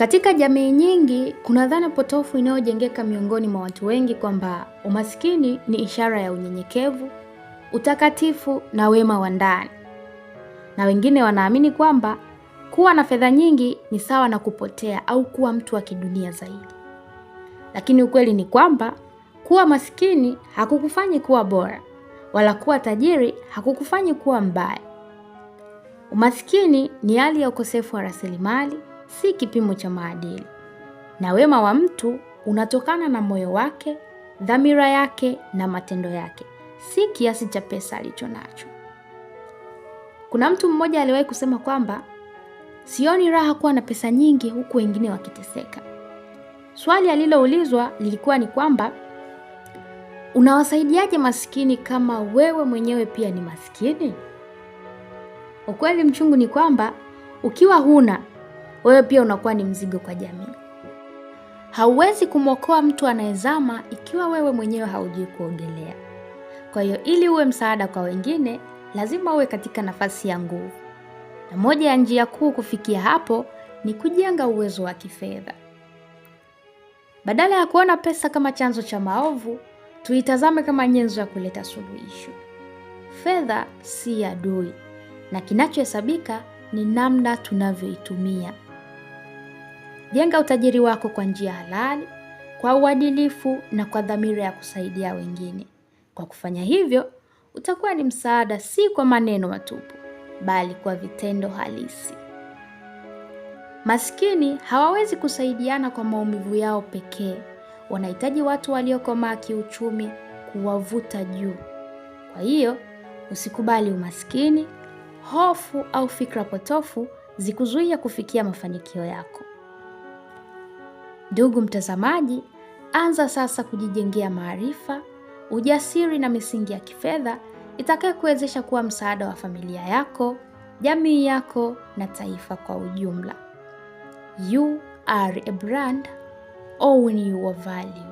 Katika jamii nyingi kuna dhana potofu inayojengeka miongoni mwa watu wengi kwamba umaskini ni ishara ya unyenyekevu, utakatifu na wema wa ndani, na wengine wanaamini kwamba kuwa na fedha nyingi ni sawa na kupotea au kuwa mtu wa kidunia zaidi. Lakini ukweli ni kwamba kuwa maskini hakukufanyi kuwa bora, wala kuwa tajiri hakukufanyi kuwa mbaya. Umaskini ni hali ya ukosefu wa rasilimali si kipimo cha maadili, na wema wa mtu unatokana na moyo wake, dhamira yake na matendo yake, si kiasi cha pesa alicho nacho. Kuna mtu mmoja aliwahi kusema kwamba sioni raha kuwa na pesa nyingi huku wengine wakiteseka. Swali aliloulizwa lilikuwa ni kwamba unawasaidiaje maskini kama wewe mwenyewe pia ni maskini? Ukweli mchungu ni kwamba ukiwa huna wewe pia unakuwa ni mzigo kwa jamii. Hauwezi kumwokoa mtu anayezama ikiwa wewe mwenyewe haujui kuogelea. Kwa hiyo ili uwe msaada kwa wengine, lazima uwe katika nafasi ya nguvu, na moja ya njia kuu kufikia hapo ni kujenga uwezo wa kifedha. Badala ya kuona pesa kama chanzo cha maovu, tuitazame kama nyenzo ya kuleta suluhisho. Fedha si adui, na kinachohesabika ni namna tunavyoitumia. Jenga utajiri wako kwa njia halali, kwa uadilifu na kwa dhamira ya kusaidia wengine. Kwa kufanya hivyo, utakuwa ni msaada si kwa maneno matupu, bali kwa vitendo halisi. Maskini hawawezi kusaidiana kwa maumivu yao pekee. Wanahitaji watu waliokomaa kiuchumi kuwavuta juu. Kwa hiyo, usikubali umaskini, hofu au fikra potofu zikuzuia kufikia mafanikio yako. Ndugu mtazamaji, anza sasa kujijengea maarifa, ujasiri na misingi ya kifedha itakayokuwezesha kuwa msaada wa familia yako, jamii yako na taifa kwa ujumla. You are a brand, own your value.